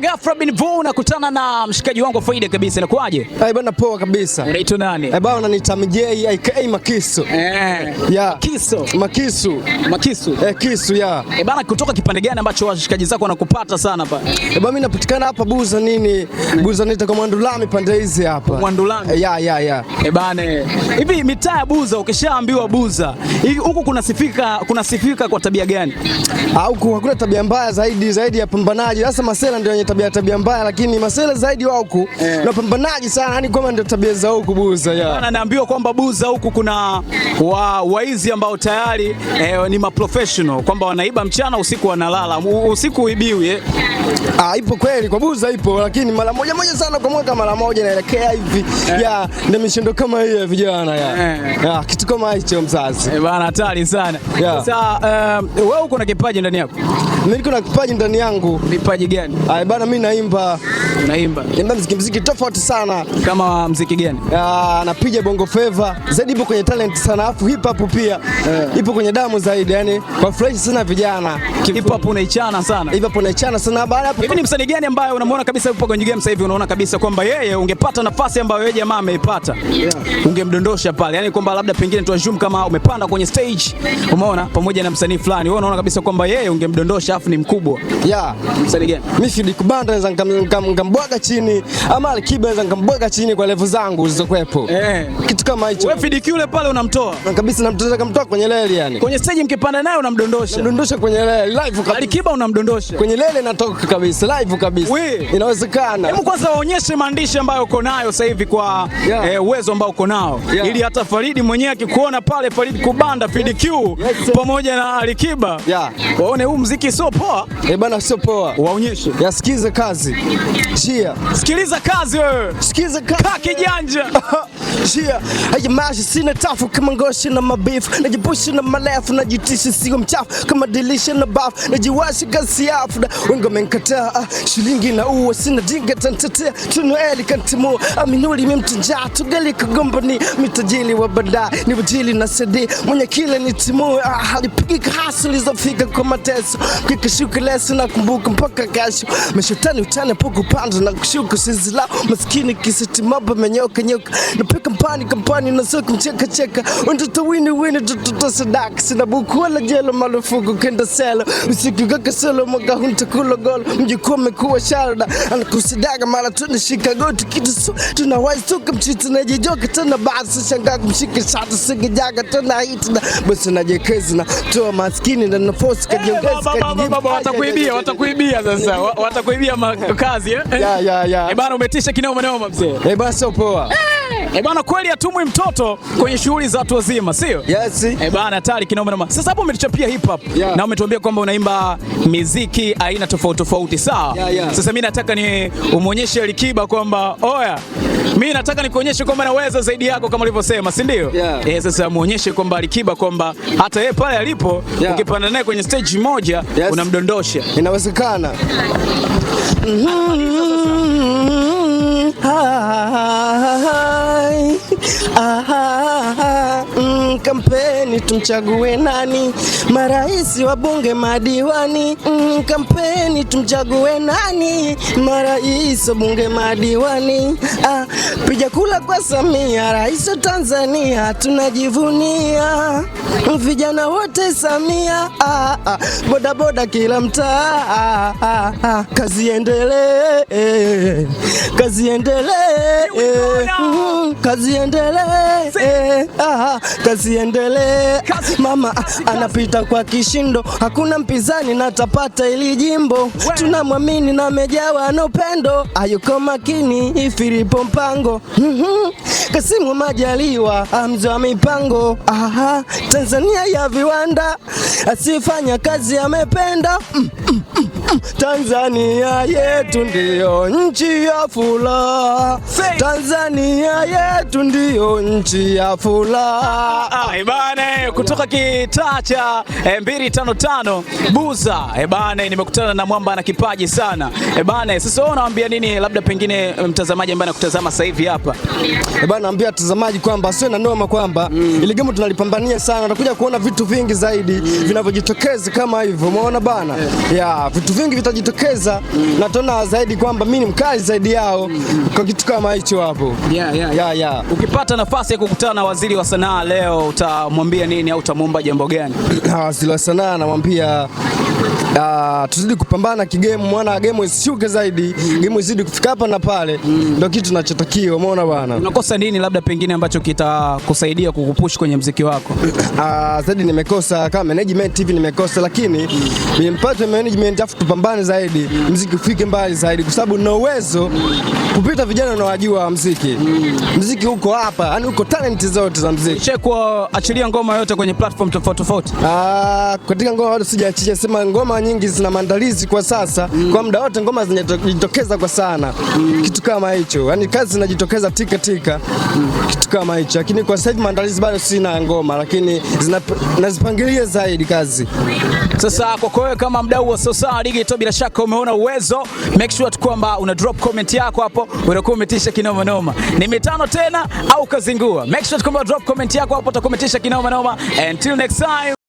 ghafla bin vu unakutana na mshikaji wangu faida kabisa, inakuaje? Eh, bwana poa kabisa. Unaitwa nani? Eh, bwana naitwa MJ aka Makiso. Eh. Ya. Kiso. Makisu. Makisu. Eh, Kisu ya. Eh, bwana kutoka kipande gani ambacho washikaji zako wanakupata sana hapa? Eh, bwana mimi napatikana hapa Buza nini? Buza nita kwa Mwandulami pande hizi hapa. Mwandulami. Eh, ya ya ya. Eh, bwana eh. hivi mitaa ya Buza ukishaambiwa Buza, huku kuna sifika kwa tabia gani? Ah, huku hakuna tabia mbaya zaidi zaidi ya pambanaji. Sasa masela ndio yenye tabia tabia mbaya, lakini masuala zaidi wa huku yeah. na pambanaji sana, yani kwamba ndio tabia za huku Buza yeah. naambiwa kwamba Buza huku kuna wa, waizi ambao tayari eh, ni maprofessional kwamba wanaiba mchana, usiku wanalala, usiku uibiwi. eh. Ah, ipo kweli kwa Buza ipo, lakini mara moja moja sana kwa mwaka, mara moja naelekea hivi yeah. yeah, ndio mishindo kama hiyo vijana yeah. yeah. yeah, kitu kama hicho mzazi eh, bana hatari sana yeah. Sasa uh, wewe uko na kipaji ndani yako mimi niko na kipaji ndani yangu. Ni kipaji gani? Ah, bana mimi naimba. Unaimba. Naimba mziki mziki tofauti sana. Kama mziki gani? Ah, napiga bongo flava. Zaidi ipo kwenye talent sana afu hip hop pia. Yeah. Ipo kwenye damu zaidi yani kwa fresh sana vijana. Hip hop unaichana sana. Hip hop unaichana sana baada hapo. Hivi ni msanii gani ambaye unamwona kabisa yupo kwenye game sasa hivi unaona kabisa kwamba yeye ungepata nafasi ambayo yeye jamaa ameipata. Yeah. Ungemdondosha pale. Yani kwamba labda pengine tu assume kama umepanda kwenye stage umeona pamoja na msanii fulani. Wewe unaona kabisa kwamba yeye ungemdondosha afu ni mkubwa. Yeah. Msanii gani? Mimi Fid Kubanda naweza nikambwaga chini ama Alikiba naweza nikambwaga chini kwa levu zangu zilizokuepo. Eh. Kitu kama hicho. Wewe FDQ yule pale unamtoa. Na kabisa namtoa kamtoa kwenye leli yani. Kwenye stage mkipanda naye unamdondosha. Unamdondosha kwenye leli live kabisa. Alikiba unamdondosha. Kwenye leli natoka kabisa live kabisa. We. Inawezekana. Hebu kwanza waonyeshe maandishi ambayo uko nayo sasa hivi kwa yeah. eh, uwezo ambao uko nao. yeah. Ili hata Faridi mwenyewe akikuona pale Faridi kubanda FDQ pamoja na Alikiba. yeah. Waone huu muziki sio poa. Eh, bana sio poa. Waonyeshe. Yasikize kazi. Sikiliza kazi wewe. Sikiliza kazi. Kaka kijanja. yeah. Haimashi sina tafu kama ngoshi na mabifu, najipushi na marefu, najitishi sio mchafu kama dilisha na bafu, najiwashi gasi na wengi wamenkataa ah, shilingi na uwe sina dinga tantetea tunueli kantimua aminuli mimtinjaa tugali kagombani mitajili wa banda ni wajili na sedi mwenye kile ni timu ah, alipigika hasi ulizofika kwa mateso kikashuka leso na kumbuka mpaka kesho mashetani utane puku panda na kushuka sizila maskini kisitimaba menyoka nyoka napika kampani kampani na soko cheka cheka Watoto wini wini tutoto sadaka Sina buku wala jelo malufuku kenda selo Usiku kaka selo mwaka hunta kulo golo Mjikuwa mekuwa sharda Anakusidaga mara tunashika goti kitu su Tunawahi suka mchitu na jijoka Tena basa shangaku mshika shata Sige jaga tena hiti na Basi na tuwa maskini na nafosi eh, kajiongezi kajijibu Watakuibia watakuibia sasa Watakuibia makazi eh? Ya ya ya Ebana eh, umetisha kinoma noma mzee Eh basi upoa Eh bwana, kweli atumwi mtoto kwenye shughuli za watu wazima, sio? Yes. Eh bana, hatari kinoma noma. Sasa hapo umetuchapia hip hop yeah. na umetuambia kwamba unaimba miziki aina tofauti tofauti, sawa? yeah, yeah. Sasa mimi nataka ni umuonyeshe Alikiba kwamba oya, mimi nataka nikuonyeshe kwamba naweza zaidi yako kama ulivyosema, si ndio? yeah. Eh, sasa muonyeshe kwamba Alikiba kwamba hata yeye pale alipo yeah. ukipanda naye kwenye stage moja yes. unamdondosha, inawezekana. mm -hmm. Ah. kampeni tumchague nani? Marais, wabunge, madiwani. Mm, kampeni tumchague nani? Marais, wabunge, madiwani. Ah, piga kula kwa Samia, rais wa Tanzania tunajivunia. Vijana wote Samia, ah, ah, boda boda kila mtaa, ah, ah, ah. Kazi endelee, kazi endelee, mm, kazi endelee, ah, ah, kazi iendelee. Mama ah, anapita kwa kishindo, hakuna mpinzani na tapata ili jimbo, tunamwamini na mejawa na upendo, ayuko makini ifiripo mpango mhm. Kasimu Majaliwa amzi ah, wa mipango Aha. Tanzania ya viwanda asifanya kazi amependa mm -mm. Tanzania yetu ndiyo nchi ya fula. Tanzania yetu ndiyo nchi ya fula. Ah, ebane, eh, kutoka kitaa cha eh, tano Buza, ebane, eh, nimekutana na mwamba na kipaji sana. Ebane, sasa wewe unawaambia nini, labda pengine mtazamaji ambaye anakutazama sasa hivi hapa? Ebane, naambia mtazamaji kwamba sio na noma kwamba mm. ile game tunalipambania sana, utakuja kuona vitu vingi zaidi mm. vinavyojitokeza kama hivyo, umeona bana yeah. yeah, vitu vingi vitajitokeza mm. na tona zaidi kwamba mimi ni mkali zaidi yao mm. -hmm. kwa kitu kama hicho hapo. yeah, yeah, yeah. yeah. yeah. Ukipata nafasi ya kukutana na waziri wa sanaa leo utamwambia nini au utamwomba jambo gani? Ah, waziri wa sanaa namwambia Uh, ah, tuzidi kupambana kigemu, mwana gemu isishuke zaidi mm. gemu izidi kufika hapa na pale mm. ndio kitu tunachotakiwa. Umeona bwana, unakosa nini labda pengine ambacho kitakusaidia kukupush kwenye mziki wako? Uh, zaidi nimekosa kama management hivi nimekosa, lakini mm. nimpate management afu tupambane zaidi, mziki ufike mbali zaidi, kwa sababu na uwezo kupita vijana unawajua wa mziki. Mziki huko hapa, yani uko talenti zote za mziki. Chekwa achilia ngoma yote kwenye platform tofauti tofauti. Ah, katika ngoma bado sijaachia, sema ngoma nyingi zina maandalizi kwa sasa, mm. kwa muda wote ngoma zinajitokeza kwa sana, mm. kitu kama hicho, yani kazi zinajitokeza tika tika, mm. kitu kama hicho. Lakini kwa sasa maandalizi bado sina ngoma, lakini zinazipangilia zaidi kazi sasa. Kwa kwa kama mdau wa ligi Gito, bila shaka umeona uwezo. Make sure kwamba una drop comment yako hapo, utakuwa umetisha kinoma noma. Ni mitano tena au kazingua? Make sure kwamba drop comment yako hapo, utakuwa umetisha kinoma noma. Until next time.